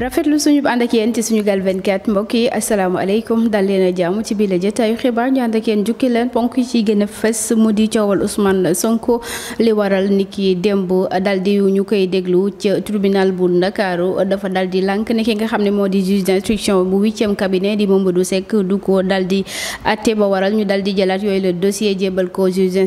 rafetlu suñu ànd ak yéen ci suñu gal 24 mbokk yi asalaamaaleykum dal leen a jàmm ci biir la jotaayu xibaar ñu ànd ak yéen jukki leen ponk yi ci gën a fës mu di coowal Ousmane Sonko li waral ni ki démb dal di ñu koy déglu ci tribunal bu Ndakaaru dafa dal di lànk ne ki nga xam ne moo di juge d'instruction bu huitième cabinet di Mamadou Seck du ko dal di atte ba waral ñu dal di jëlaat yooyu le dossier jébal ko juge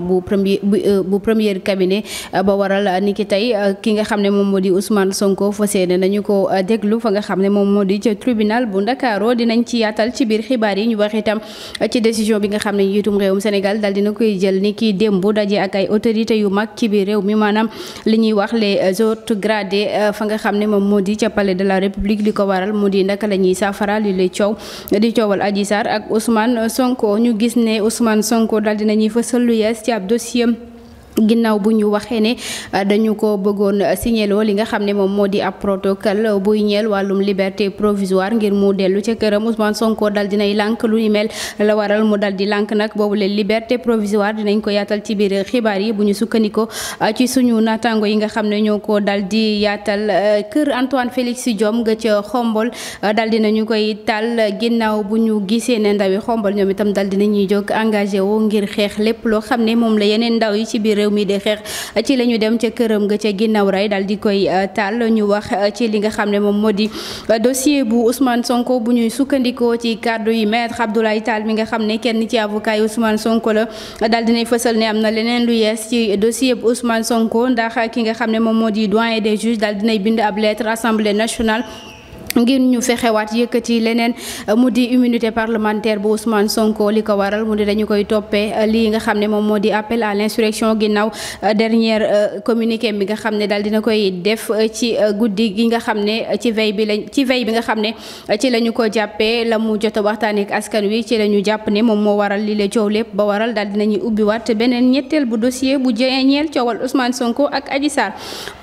bu premier euh, bu premier cabinet ba waral ni ki tey euh, ki nga xam ne moom moo di Ousmane Sonko fas yéene nañu ko déglu fa nga xam ne moom moo di ca tribunal bu Ndakaaru dinañ ci yaatal ci biir xibaar yi ñu wax itam ci décision bi nga xam ne njiitum réewum Sénégal daal dina koy jël ni kii démb daje ak ay autorité yu mag ci biir réew mi maanaam li ñuy wax les autres gradés euh, fa nga xam ne moom moo di ca palais de la république li ko waral moo di naka la saafara li lay coow di coowal Adji Sarr ak Ousmane Sonko ñu gis ne Ousmane Sonko dal dinañuy fësal lu yees ci ab dossier ginnaaw bu ñu waxee ne euh, dañu ko bëggoon euh, signéloo li nga xam ne moom moo di ab protocole euh, buy ñeel wàllum liberté provisoire ngir mu dellu ca këram Ousmane Sonko dal dinay lànk lu ni mel la waral mu dal di lànk nag boobu leen liberté provisoire dinañ ko yaatal ci biir xibaar yi bu ñu sukkandikoo ci suñu naataango yi nga xam ne ñoo ko dal di yaatal kër Antoine Félix jom nga ca xombol dal dinañu koy taal ginnaaw bu ñu gisee ne ndawi xombol ñoom itam dal dinañuy jóg engagé wu ngir xeex lépp loo xam ne moom la yeneen ndaw ci biir réew mii di xeex ci la ñu dem ca këram nga ca ginnaaw ray daal di koy euh, taal ñu wax euh, ci li nga xam ne moom moo di euh, dossier bu Ousmane Sonko bu ñuy sukkandikoo ci kàddu yi maître Abdoulaye Tall mi nga xam ne kenn ci avocat yi Ousmane Sonko la dal daal dinay fësal ne am na leneen lu yees ci dossier bu Ousmane Sonko ndax ki nga xam ne moom moo di doyen des juges daal dinay bind ab lettre assemblée nationale ngir ñu fexewaat yëkkati leneen euh, mu di immunité parlementaire bu Ousmane Sonko li ko waral mu di dañu koy toppee euh, lii nga xam ne moom moo di appel à l'insurrection ginnaaw euh, dernière communiqué bi nga xam ne daal dina koy def ci guddi gi nga xam ne ci bi lañ ci veille bi nga xam ne ci la ko jàppee la mu jot a waxtaanee ak askan wi ci la jàpp ne moom moo waral lii coow lépp ba waral daal dinañuy ubbiwaat beneen ñetteel bu dossier bu jeñeel coowal Ousmane Sonko ak Adji Sarr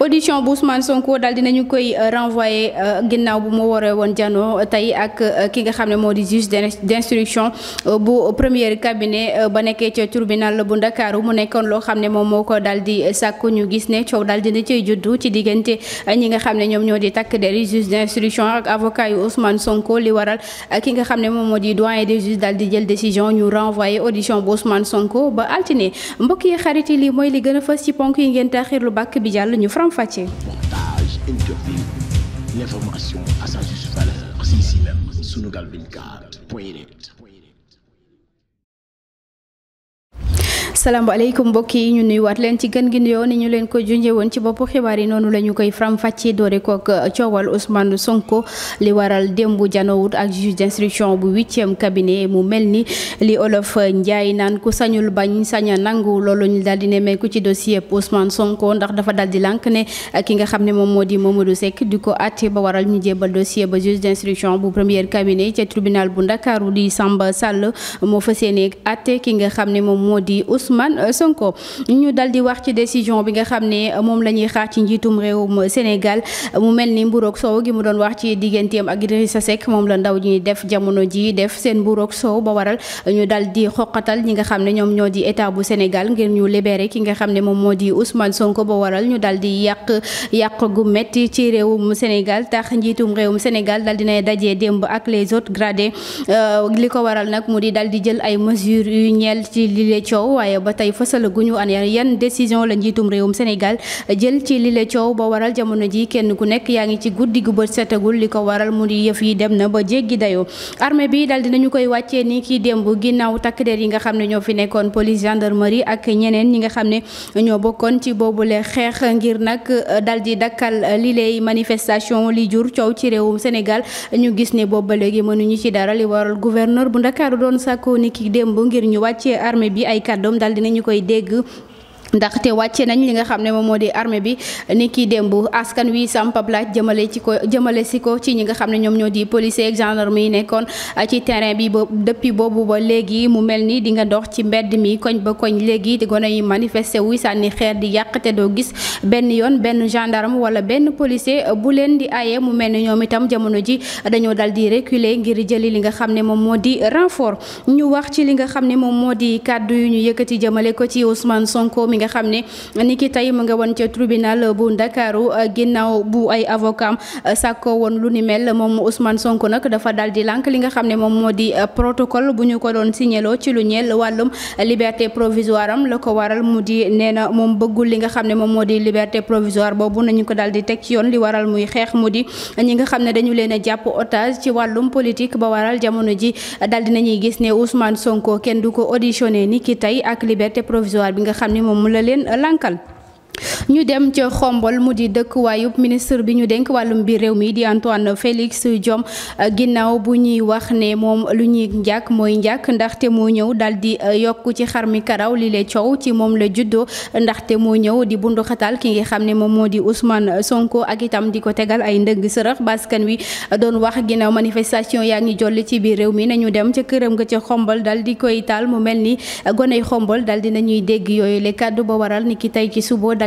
audition bu Ousmane Sonko daal dinañu koy renvoyé ginnaaw moo waree woon jano tey ak euh, ki nga xam ne moo di juge d'instruction euh, bu premier cabinet euh, ba nekkee ca tribunal bu Ndakaaru mu nekkoon loo xam ne moom moo ko daal di sàkku ñu gis ne coow daal dina cay juddu ci diggante ñi nga xam ne ñoom ñoo di takk deri juge d'instruction ak avocat yu Ousmane Sonko li waral ki nga xam ne moom moo di doyen des juges daal di jël décision ñu renvoyer audition bu Ousmane Sonko ba altine mbokk yi xarit yi lii mooy li gën a fës ci ponk yi ngeen taaxir lu bàkk bi jàll ñu faram fàccee. sunugal 24 point net asalaamaaleykum mbokk yi ñu nuyuwaat leen ci gën gi nuyoo ni ñu leen ko junjee woon ci boppu xibaar yi noonu la ñu koy faram fàccee doore kook uh, coowal Ousmane Sonko li waral démb janowut ak juge d'instruction bu huitième cabinet mu mel ni li olof Njaay naan ku sañul bañ sañ a nangu loolu ñu daal di nemmeeku ci dossier Ousmane Sonko ndax dafa daal di lànk ne uh, ki nga xam ne moom moo di Mamadou sekk di ko àtte ba waral ñu jébal dossier ba juge d'instruction bu premier cabinet ca tribunal bu Ndakaaru di Samba Sall moo fas yéene àtte ki nga xam ne moom moo di Ousmane Ousmane euh, Sonko ñu dal di wax ci décision bi nga xam ne euh, moom la ñuy xaar ci njiitum réewum Sénégal euh, mu mel ni mburoog soow gi mu doon wax ci digganteem ak Idrissa Seck moom la ndaw ñi def jamono ji def seen mburoog soow ba waral ñu dal di xoqatal ñi nga xam ne ñoom ñoo di état bu Sénégal ngir ñu libéré ki nga xam ne moom moo di Ousmane Sonko ba waral ñu dal di yàq yàq metti ci réewum Sénégal tax njiitum réewum Sénégal dal dinay dajee démb ak les autres gradés li ko waral nag mu di dal di jël ay mesures yu ñeel ci lile coow waaye waaye ba tey fësalaguñu an yan décision la njiitum réewum Sénégal jël ci lile coow ba waral jamono ji kenn ku nekk yaa ngi ci guddi gu bët setagul li ko waral mu di yëf yi dem na ba jéggi dayoo armée bi dal koy wàccee ni kii démb ginnaaw takk der yi nga xam ne ñoo fi nekkoon police ñeneen ñi nga xam ne ñoo bokkoon ci boobule xeex ngir nag eh, dal di dakkal lile manifestation li jur coow ci réewum Sénégal ñu gis ne boobu ba mënuñu ci dara li waral gouverneur bu Ndakaaru doon sàkkoo ni ki démb ngir ñu wàccee armée bi ay kàddoom daal dinañu koy dégg ndaxte wàcce nañ li nga xam ne moom moo di armée bi ni ki démb askan wi sampab laaj jëmale ci ko jëmale si ko ci ñi nga xam ne ñoom ñoo di policier ak gendarme nekkoon uh, ci terrain bi ba depuis boobu ba léegi mu mel ni di nga dox ci mbedd mi koñ ba koñ léegi di gone yi manifester wuy sànni xeer di yàq te doo gis benn yoon benn gendarme wala benn policier uh, bu leen di aaye mu mel ni ñoom itam jamono ji dañoo dal di reculer ngir jëli li nga xam ne moom moo di renfort ñu wax ci li nga xam ne moom moo di kàddu yu ñu yëkkati jëmale ko ci Ousmane Sonko nga xam ne ni ki tey mu nga woon ca tribunal bu Ndakaaru uh, ginnaaw bu ay avocat uh, sàkko woon lu ni mel moom Ousmane Sonko nag dafa daal di lànk li nga xam ne moom moo di uh, protocole bu ñu ko doon signéloo ci lu ñeel wàllum liberté provisoire am la ko waral mu di nee na moom bëggul li nga xam ne moom moo di liberté provisoire boobu nañu ko daal di teg ci yoon li waral muy xeex mu di ñi nga xam ne dañu leen a jàpp otage ci wàllum politique ba waral jamono ji daal dinañuy gis ne Ousmane Sonko kenn du ko auditionné ni ki ak liberté provisoire bi nga xam ne moom la leen lankal ñu dem ca xombol mu di dëkkuwaayub ministre bi ñu denk wàllum biir réew mi di Antoine Félix Diome ginnaaw bu ñuy wax ne moom lu ñuy njàkk mooy njàkk ndaxte moo ñëw daal di euh, yokk ci xar mi karaw li le coow ci moom la juddoo ndaxte moo ñëw di bundu taal ki nga xam ne moom moo di Ousmane Sonko ak itam di ko tegal ay ndëgg sërëx baskan wi euh, doon wax ginnaaw manifestation yaa ngi jolli ci biir réew mi ne ñu dem ca këram nga ca xombol dal di koy taal mu mel ni euh, goney xombol dal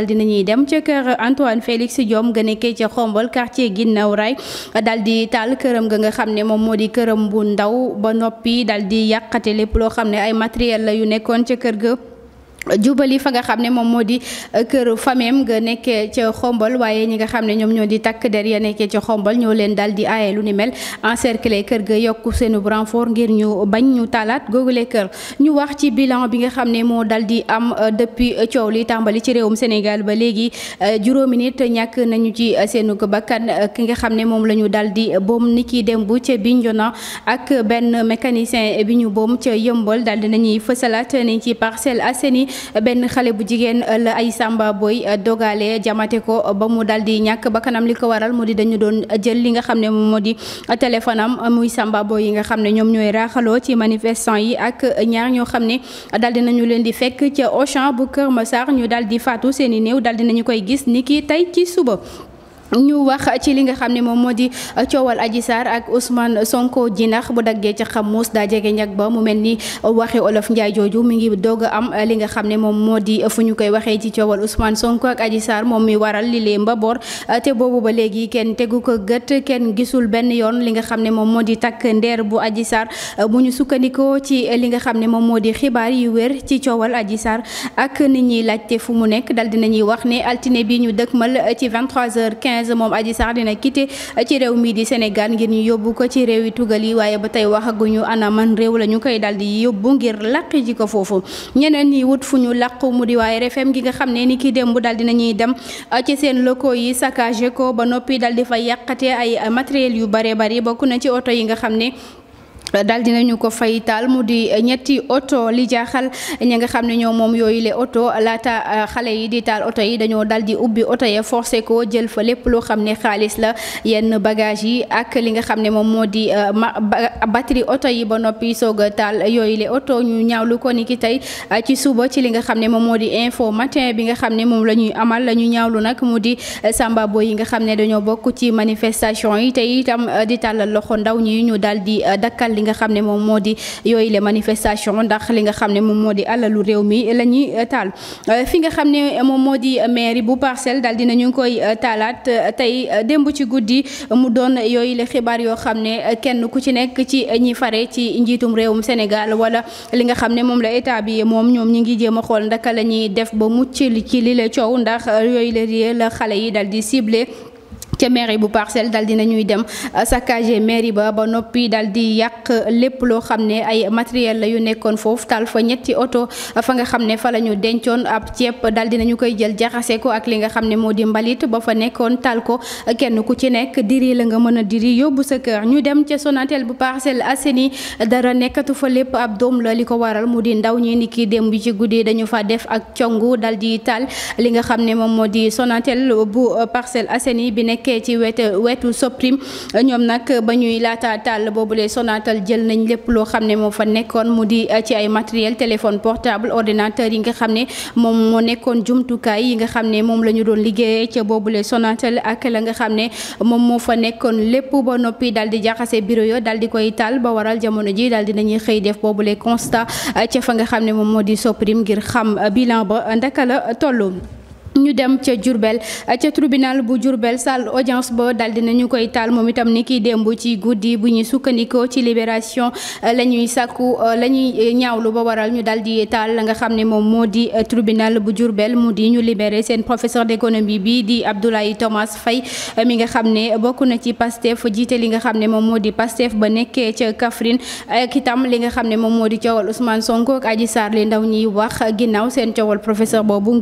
dina ñuy dem ca kër Antoine Félix Diome nga nekkee ca Xombol quartier Guinaw Rail daal di taal këram ga nga xam ne moom moo di këram bu ndaw ba noppi daal di yàqate lépp loo xam ne ay matériel la yu nekkoon ca kër ga. jubali fa nga xam ne moom moo di euh, kër famem nga nekke ca xombal waaye ñi nga xam ne ñoom ñoo di takk der ya nekkee ca xombal ñoo leen daal di aaye lu ni mel encercler kër ga yokku seenu renfort ngir ñu bañ ñu talaat googule kër ñu wax ci bilan bi nga xam ne moo dal di am euh, depuis coow li tàmbali ci réewum Sénégal ba léegi euh, juróomi nit ñàkk nañu ci seenu bakkan ki nga xam ne moom la ñu dal di boom ni ki démb ca Bignona ak benn mécanicien bi ñu boo ca yëmbal daal di nañuy fësalaat ni ci Parcelles Assainies benn xale bu jigéen euh, la ay samba booy euh, dogalee jamate ko euh, ba mu dal di ñàkk ba kanam li ko waral mu di dañu doon jël li nga xam ne moom moo di téléphone muy samba yi nga xam ne ñoom ñooy raaxaloo ci manifestant yi ak ñaar ñoo xam ne dal nañu leen di fekk ca Auchan bu Kër Massar ñu dal di faatu seen i néew dal di nañu koy gis ni kii tey ci suba. ñu wax ci li nga xam ne moom moo di uh, coowal Adji Sarr ak Ousmane Sonko jinax bu daggee ca xam xamuus daa jege ñag ba mu mel ni uh, waxe olof Njaay jooju mi ngi doog am uh, li nga xam ne moom moo di fu ñu koy waxee ci coowal Ousmane Sonko ak Adji moom mi waral li lee mbaboor te boobu ba léegi kenn tegu ko gët kenn gisul benn yoon li nga xam ne moom moo di takk ndeer bu Adji Sarr bu ñu sukkandikoo ci li nga xam ne moom moo di xibaar yu wér ci coowal Adji Sarr ak nit ñiy laajte fu mu nekk dal dinañuy wax ne altine bi ñu dëkkmal ci 23h15. 2015 moom Adji Sarr dina quitté ci réew mii di Sénégal ngir ñu yóbbu ko ci réew yi tugal yi waaye ba tey waxaguñu ana man réew la ñu koy dal di yóbbu ngir làq ji ko foofu ñeneen yi wut fu ñu làq mu di waaye RFM gi nga xam ne ni ki démb dal dina ñuy dem uh, ci seen locaux yi saccagé ko ba noppi dal di fa yàqate ay matériel yu bare bari bokk na ci oto yi nga xam ne daal dinañu ko fay taal mu di ñetti oto li jaaxal ñi nga xam ne ñoo moom yooyu le oto laata euh, xale yi di taal oto yi dañoo dal di ubbi oto ya forcé ko jël fa lépp loo xam ne xaalis la yenn bagage yi ak li nga xam ne moom moo di euh, batterie oto yi ba noppi soog a taal yooyu le oto ñu ñaawlu ko ni ki tey euh, ci suba ci li nga xam ne moom moo di info matin bi nga xam ne moom la ñuy amal la ñu ñaawlu nag mu di samba yi nga xam ne dañoo bokk ci manifestation yi tey itam di tàllal loxo ndaw ñi ñu daal di dakkal nga xam ne moom moo di yooyu les manifestation ndax li nga xam ne moom moo di alalu réew mii la ñuy taal fi nga xam ne moom moo di mairie bu parcelle daal dina ñu ngi koy taalaat tey démb ci guddi mu doon yooyu le xibaar yoo xam ne kenn ku ci nekk ci ñi fare ci njiitum réewum Sénégal wala li nga xam ne moom la état bi moom ñoom ñi ngi jéem a xool ndaka la ñuy def ba mucc ci li la coow ndax yooyu la réer la xale yi dal di ciblé ca mairie bu parcelle dal dina ñuy dem euh, saccagé mairie ba ba noppi dal di yàq lépp loo xam ne ay matériel la yu nekkoon foofu taal fa ñetti oto fa nga xam ne fa la ñu dencoon ab ceeb dal dina ñu koy jël jaxase ko ak li nga xam ne moo di ba fa nekkoon taal ko kenn ku ci nekk diri la nga mën a diri yóbbu sa kër ñu dem ca Sonatel bu Parcelles Assainies dara nekkatu fa lépp ab doom la li ko waral mu di ndaw ñi ni ki démb ci guddi dañu fa def ak congu dal moom moo di Sonatel bu euh, Parcelles Assainies bi nekk nekkee ci wet wetu Soprim ñoom nag ba ñuy laata taal lay Sonatel jël nañ lépp loo xam ne moo fa nekkoon mu di eh, ci ay matériel téléphone portable ordinateur yi nga xam ne moom moo nekkoon jumtukaay yi nga xam ne moom la ñu doon liggéeyee ca boobule Sonatel ak la nga xam ne moom moo fa nekkoon lépp ba noppi daal di jaxase bureau yo daal di koy taal ba waral jamono ji daal dinañuy xëy def boobule constat eh, ca fa nga xam ne moom moo di Soprim ngir xam eh, bilan ba ndaka la tollu ñu dem ca Diourbel ca tribunal bu Diourbel salle audience ba daal dinañu koy taal moom itam ni kiy démb ci guddi bu ñuy sukkandikoo ci libération euh, la ñuy sàkku euh, la ñuy euh, ñaawlu ba waral ñu daal di taal la nga xam ne moom moo di tribunal bu Diourbel mu di ñu libéré seen professeur d'économie bi di Abdoulaye Thomas fay mi nga xam ne bokk na ci Pastef jiite li nga xam ne moom moo di Pastef ba nekkee ca Kaffrine ak itam li nga xam ne moom moo di coowal Ousmane Sonko ak Adji Sarr li ginnaaw seen coowal professeur boobu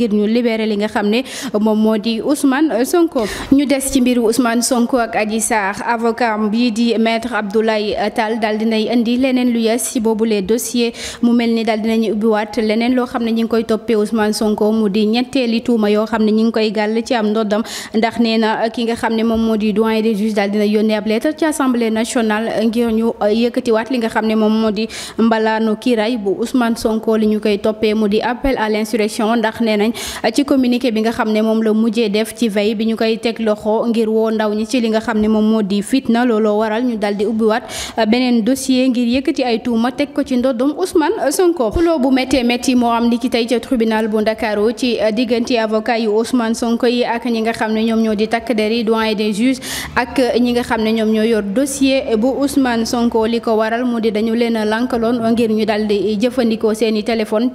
xam moom moo di Ousmane Sonko ñu des ci mbiru Ousmane Sonko ak Adji Sarr avocat bii di maître Abdoulaye Tall daal dinay indi leneen lu yees ci boobulee dossier mu mel ni daal dinañu ubbiwaat leneen loo xam ne ñi ngi koy toppee Ousmane Sonko mu di ñetteeli tuuma yoo xam ne ñi ngi koy gàll ci am ndoddam ndax nee na ki nga xam ne moom moo di doyen des juges daal dina yónnee ab lettre ci assemblée nationale ngir ñu uh, yëkkatiwaat li nga xam ne moom moo di mbalaanu kiiraay bu Ousmane Sonko li ñu koy toppee mu di appel à l'insurrection ndax nee nañ uh, ci communiqué communiqué bi nga xam ne moom la mujjee def ci veille bi ñu koy teg loxo ngir woo ndaw ñi ci li nga xam ne moom moo di fitna looloo waral ñu daal di ubbiwaat euh, beneen dossier ngir yëkkati ay tuuma teg ko ci ndoddum Ousmane euh, Sonko xuloo bu méttee métti moo am ni ki tey ca tribunal bu Ndakaaru ci euh, diggante avocat yu Ousmane Sonko yi ak ñi nga xam ne ñoom ñoo di takk der yi doyen des juges ak ñi nga xam ne ñoom ñoo yor dossier bu Ousmane Sonko li ko waral moo di dañu leen a lankaloon ngir ñu daal di jëfandikoo seen i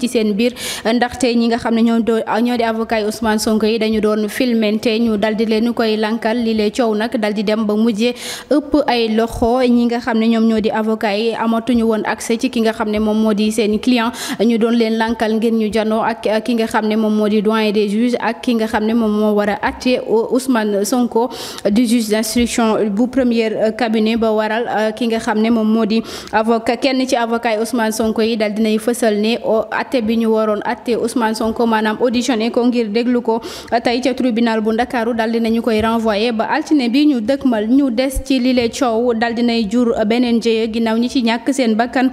ci seen biir ndaxte ñi nga xam ne ñoo ñoo di avocat yi Ousmane Ousmane Sonko yi dañu doon filmente ñu dal di leen koy lankal li lee coow nag dal di dem ba mujjee ëpp ay loxo ñi nga xam ne ñoom ñoo di avocat yi amatuñu woon accès ci ki nga xam ne moom moo di seen client ñu doon leen lankal ngir ñu janoo ak ki nga xam ne moom moo di doyen des juges ak ki nga xam ne moom moo war a atte Ousmane Sonko du juge d'instruction bu premier cabinet ba waral euh, ki nga xam ne moom moo di avocat kenn ci avocat yi Ousmane Sonko yi dal dinay fësal ne atte bi ñu waroon atte Ousmane Sonko maanaam auditionné ko ngir déglu déglu ko tey ca tribunal bu ndakaaru daldi nañu koy renvoyé ba altine bi ñu dëkk mal ñu des ci lile coow dal dinay jur beneen jéye ginnaaw ñi ci ñàkk seen bakkan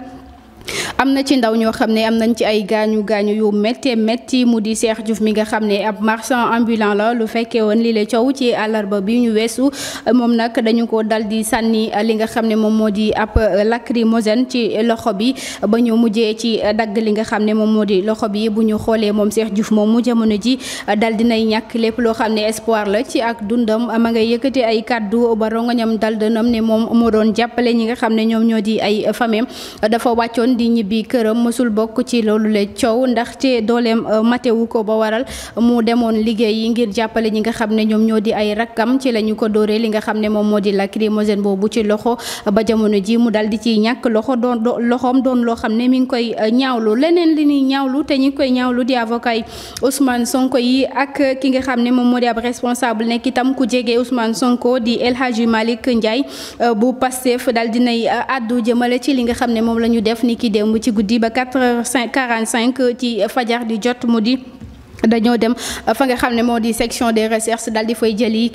am na ci ndaw ñoo xam ne am nañ ci ay gaañu gaañu yu méttee métti mu di Cheikh Diouf mi nga xam ne ab marchand ambulant la lu fekkee woon lii la coow ci àllarba bi ñu weesu moom nag dañu ko dal di sànni li nga xam ne moom moo di ab lacrymogène ci loxo bi ba ñu mujjee ci dagg li nga xam ne moom moo di loxo bi bu ñu xoolee moom seex Diouf moom mu jamono ji dal nay ñàkk lépp loo xam ne espoir la ci ak dundam ma ngay yëkkati ay kàddu ba rongoñam dal dënam ne moom moo doon jàppale ñi nga xam ne ñoom ñoo di ay famem dafa wàccoon doon di ñibbi këram mësul bokk ci loolu la coow ndaxte dooleem euh, matewu ko ba waral mu demoon liggéey yi ngir jàppale ñi nga xam ne ñoom ñoo di ay rakkam ci la ko dóoree li nga xam ne moom moo di lacrymogène boobu ci loxo ba jamono ji mu dal di ciy ñàkk loxo doon loxoom doon loo xam ne mi ngi koy euh, ñaawlu leneen li ñuy ñaawlu te ñi koy ñaawlu di avocat yi Ousmane Sonko yi ak ki nga xam moom moo di ab responsable nekk itam ku jege Ousmane Sonko di El Hadji Malick Ndiaye euh, bu Pastef dal dinay àddu jëmale ci li nga xam ne moom la def ni ki dem ci guddi ba 4 h 45 ci fajar di jot mu di dañoo dem fa nga xam ne moo di section des recherches daal di fay jëli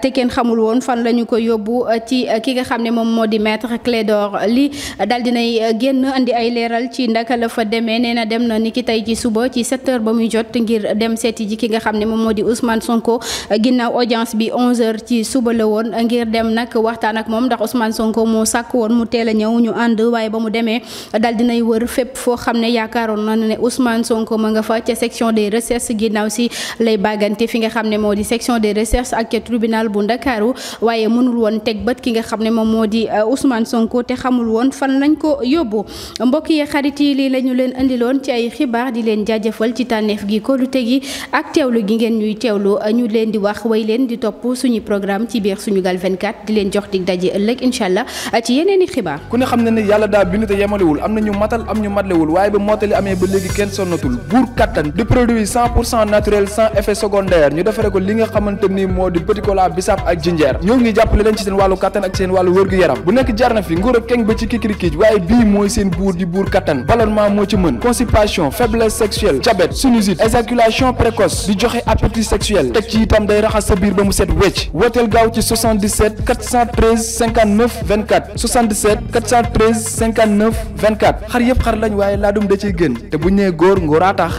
te kenn xamul woon fan la ñu ko yóbbu ci ki nga xam ne moom moo di maître Clédor li daal dinay génn indi ay leeral ci ndaka la fa demee nee na dem na ni ki tey ci suba ci 7 ba muy jot ngir dem seeti ji ki nga xam ne moom moo di Ousmane Sonko ginnaaw audience bi 11 heures ci suba la woon ngir dem nag waxtaan ak moom ndax Ousmane Sonko moo sàkk woon mu teel a ñëw ñu ànd waaye ba mu demee daal dinay wër fépp foo xam ne yaakaaroon Ousmane Sonko ma nga fa ca section des recherches ginnaaw si lay bàggante fi nga xam ne moo di section de recherches ak ca tribunal bu Ndakaaru waaye mënul woon teg bët ki nga xam ne moom moo di euh, Ousmane Sonko te xamul woon fan lañ ko yóbbu mbokk yi xarit yi lii la ñu leen indiloon ci ay xibaar di leen jaajëfal ci tànneef gi ko lu tegi ak lu gi ngeen ñuy teewlu euh, ñu leen di wax way leen di topp suñu programme ci biir Sunugal 24 di leen jox dig daje ëllëg incha allah euh, ci yeneen i xibaar. ne xam na ni yàlla daal bind te yemalewul am na ñu matal am kenn sonnatul buur kattan di produit cent pour cent naturel sans effet secondaire ñu defare ko li nga xamante ni moo di petit bisaab ak jinjeer ñoo ngi jàppale leen ci seen wàllu kattan ak seen wàllu wërgu-yaram bu nekk jar fi nguur ak keng ba ci kikirikiij waaye bii mooy seen buur di buur kattan ballonnement moo ci mën constipation faiblesse sexuelle diabète sinusite éjaculation précoce di joxe appétit sexuel teg ci itam day raxas sa biir ba mu set wecc wooteel gaaw ci ne góor ngóoraa tax